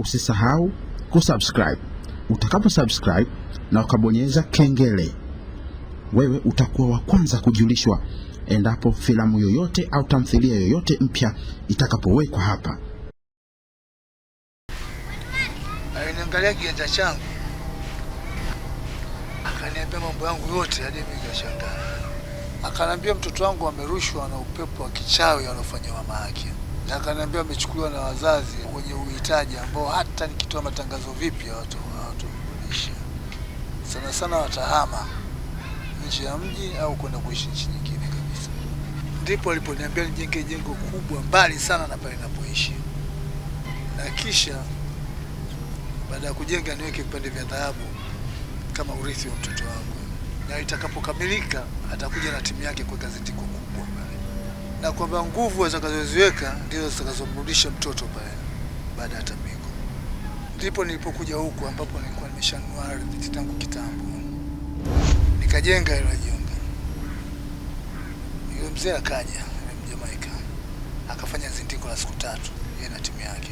usisahau kusubscribe. Utakapo subscribe na ukabonyeza kengele, wewe utakuwa wa kwanza kujulishwa endapo filamu yoyote au tamthilia yoyote mpya itakapowekwa hapa. Aliniangalia kijanja changu akaniambia mambo yangu yote hadi mimi nikashangaa. Akaniambia mtoto wangu amerushwa na upepo wa kichawi anaofanywa mama yake na akaniambia amechukuliwa na wazazi wenye uhitaji ambao hata nikitoa matangazo vipi watu sana sana watahama nje ya mji au kwenda kuishi nchi nyingine kabisa. Ndipo aliponiambia nijenge jengo kubwa mbali sana na pale ninapoishi, na kisha baada ya kujenga niweke vipande vya dhahabu kama urithi wa mtoto wangu, na itakapokamilika atakuja na timu yake kuweka zindiko na kwamba nguvu atakazoziweka ndizo zitakazomrudisha mtoto pale baada ya tambiko. Ndipo nilipokuja huku ambapo nilikuwa nimeshanua ardhi tangu kitambo, nikajenga ile jengo. Yule mzee akaja, Mjamaika, akafanya zindiko la siku tatu, yeye na timu yake,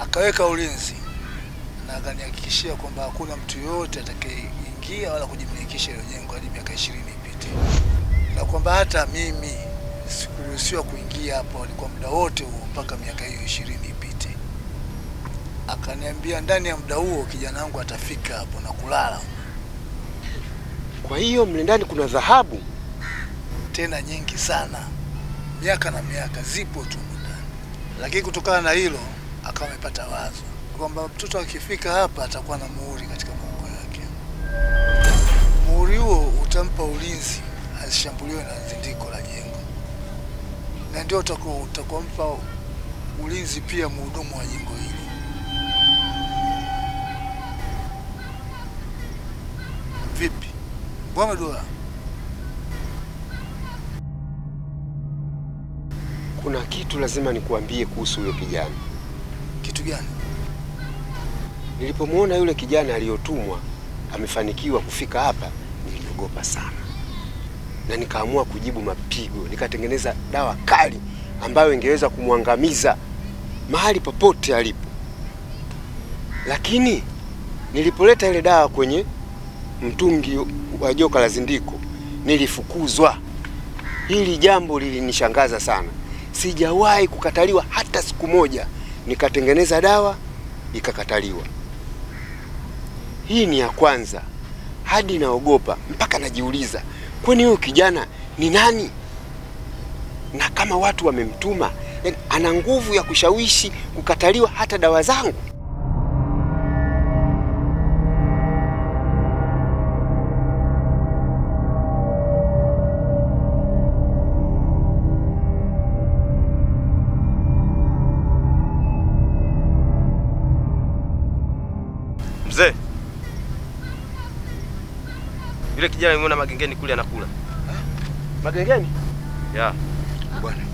akaweka ulinzi na akanihakikishia kwamba hakuna mtu yoyote atakayeingia wala kujimilikisha ile jengo hadi miaka ishirini ipite, na kwamba hata mimi sikuruhusiwa kuingia hapa, walikuwa muda wote huo mpaka miaka hiyo ishirini ipite. Akaniambia ndani ya muda huo kijana wangu atafika hapo na kulala. Kwa hiyo mle ndani kuna dhahabu tena nyingi sana, miaka na miaka zipo tu ndani. Lakini kutokana na hilo akawa amepata wazo kwamba mtoto akifika hapa atakuwa na muhuri katika mgongo yake Muhuri huo utampa ulinzi asishambuliwe na zindiko la na ndio utakompa ulinzi pia mhudumu wa jengo hili. Vipi Bwana Dula, kuna kitu lazima nikuambie kuhusu huyo kijana. Kitu gani? Nilipomwona yule kijana aliyotumwa amefanikiwa kufika hapa, niliogopa sana na nikaamua kujibu mapigo, nikatengeneza dawa kali ambayo ingeweza kumwangamiza mahali popote alipo. Lakini nilipoleta ile dawa kwenye mtungi wa joka la Zindiko nilifukuzwa. Hili jambo lilinishangaza sana, sijawahi kukataliwa hata siku moja. Nikatengeneza dawa ikakataliwa. Hii ni ya kwanza, hadi naogopa mpaka najiuliza kwani huyu kijana ni nani? Na kama watu wamemtuma, ana nguvu ya kushawishi kukataliwa hata dawa zangu? Mzee yule kijana nimeona magengeni kule anakula. Magengeni? Yeah. Bwana.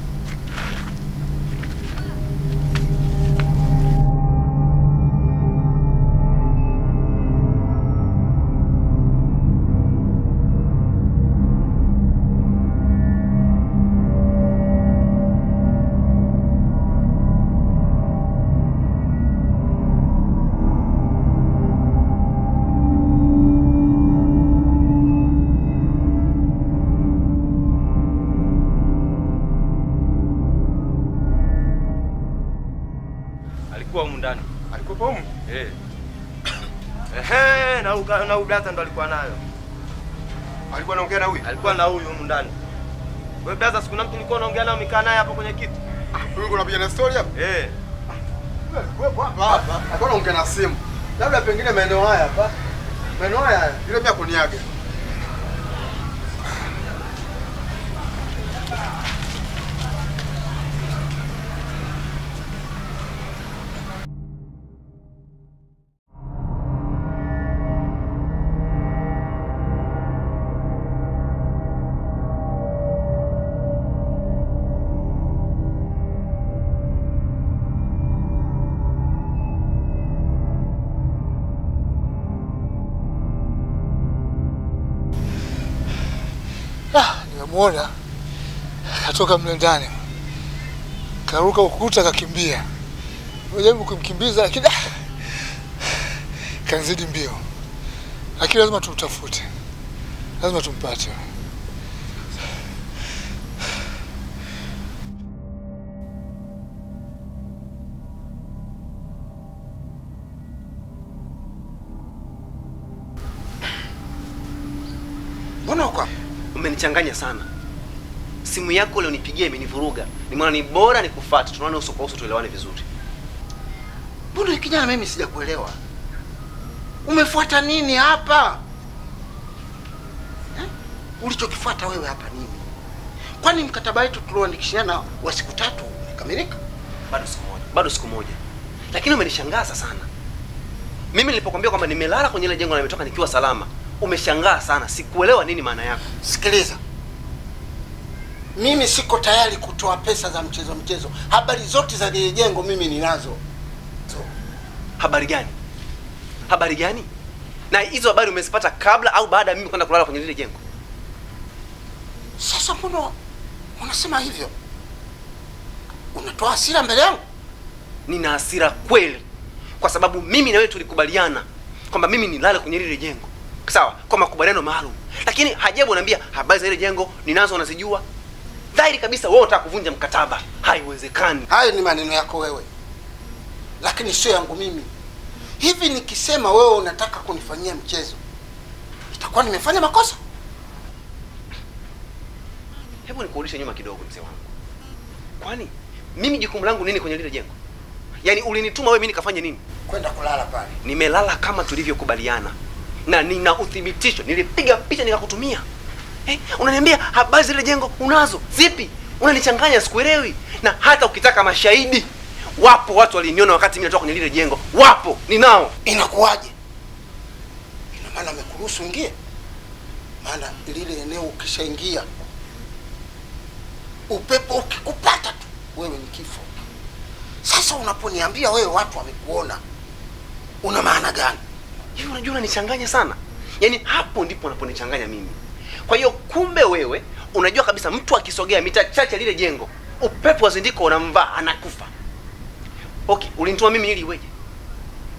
na huyu brother ndo alikuwa nayo. Alikuwa anaongea na huyu? Alikuwa na huyu huko ndani. Wewe brother, siku na mtu nilikuwa naongea naye umekaa naye hapo kwenye kiti. Huyu ah, unapiga na story hapo? Eh. Ah, wewe kwa hapa hapa. Alikuwa anaongea na simu. Labda pengine maeneo haya hapa. Maeneo haya yule pia kuniaga. nikamwona katoka mle ndani, karuka ukuta, kakimbia. Najaribu kumkimbiza lakini ah, kanzidi mbio, lakini lazima tumtafute, lazima tumpate. Mbona uko umenichanganya sana. Simu yako ulionipigia imenivuruga. maana ni bora nikufuate, tunaone uso kwa uso, tuelewane vizuri. Mbona kijana, mimi sijakuelewa. Umefuata nini hapa eh? Ulichokifuata wewe hapa nini? Kwani mkataba wetu tulioandikishana wa siku tatu umekamilika? Bado siku moja, bado siku moja, lakini umenishangaza sana. Mimi nilipokuambia kwamba nimelala kwenye ile jengo na nimetoka nikiwa salama umeshangaa sana, sikuelewa nini maana yako. Sikiliza, mimi siko tayari kutoa pesa za mchezo mchezo. Habari zote za lile jengo mimi ninazo. So, habari gani? Habari gani? Na hizo habari umezipata kabla au baada ya mimi kwenda kulala kwenye lile jengo? Sasa mbona unasema hivyo? Unatoa hasira mbele yangu? Nina hasira kweli, kwa sababu mimi na wewe tulikubaliana kwamba mimi nilale kwenye lile jengo sawa, kwa makubaliano maalum, lakini hajabu anaambia habari za ile jengo ninazo unazijua. Dhahiri kabisa wewe unataka kuvunja mkataba, haiwezekani. Hayo ni maneno yako wewe, lakini sio yangu mimi. Hivi nikisema wewe unataka kunifanyia mchezo, itakuwa nimefanya makosa? Hebu nikurudishe nyuma kidogo, mzee wangu. Kwani mimi jukumu langu nini kwenye lile jengo? Yaani ulinituma wewe, mimi nikafanye nini? Kwenda kulala pale? Nimelala kama tulivyokubaliana na nina uthibitisho, nilipiga picha nikakutumia. Eh, unaniambia habari zile jengo unazo zipi? Unanichanganya, sikuelewi. Na hata ukitaka mashahidi wapo, watu waliniona wakati mimi natoka kwenye lile jengo, wapo ninao. Inakuwaje? Ina maana amekuruhusu ingie? Maana lile eneo ukishaingia, upepo ukikupata tu wewe ni kifo. Sasa unaponiambia wewe watu wamekuona, una maana gani? hiyo unajua unanichanganya sana. Yaani hapo ndipo unaponichanganya mimi. Kwa hiyo kumbe wewe unajua kabisa mtu akisogea mita chache lile jengo, upepo wa zindiko unamvaa anakufa. Okay, ulinitoa mimi ili iweje?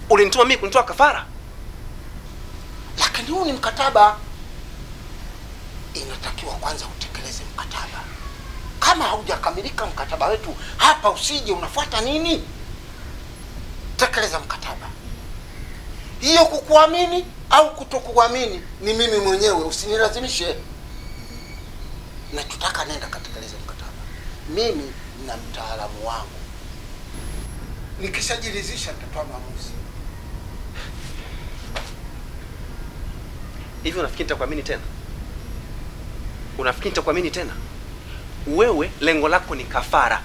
Ulinitoa mimi kunitoa kafara? Lakini huu ni mkataba. Inatakiwa kwanza utekeleze mkataba. Kama haujakamilika mkataba wetu hapa, usije unafuata nini? Tekeleza mkataba hiyo kukuamini au kutokuamini ni mimi mwenyewe, usinilazimishe. Na tutaka nenda katekeleza mkataba, mimi na mtaalamu wangu. Nikishajiridhisha nitatoa maamuzi. Hivi unafikiri nitakuamini tena? Unafikiri nitakuamini tena? Wewe lengo lako ni kafara,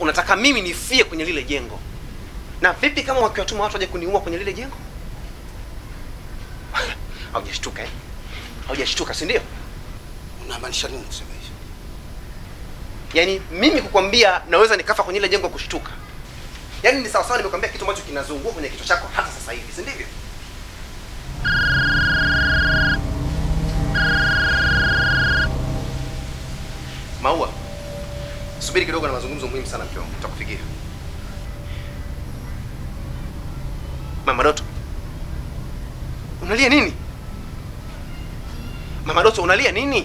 unataka mimi nifie kwenye lile jengo. Na vipi kama wakiwatuma watu waje kuniua kwenye lile jengo? Haujashtuka eh? Haujashtuka si ndio? Unamaanisha nini kusema hivyo? Yaani mimi kukwambia naweza nikafa kwenye ile jengo kushtuka. Yaani ni sawa sawa nimekwambia kitu ambacho kinazungua kwenye kichwa chako hata sasa hivi, si ndivyo? Maua. Subiri kidogo na mazungumzo muhimu sana mke wangu, Mama Doto. Unalia nini? Mama Doto unalia nini?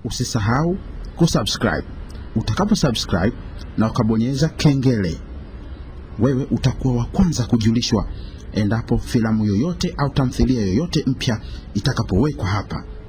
Usisahau kusubscribe. Utakapo subscribe na ukabonyeza kengele, wewe utakuwa wa kwanza kujulishwa endapo filamu yoyote au tamthilia yoyote mpya itakapowekwa hapa.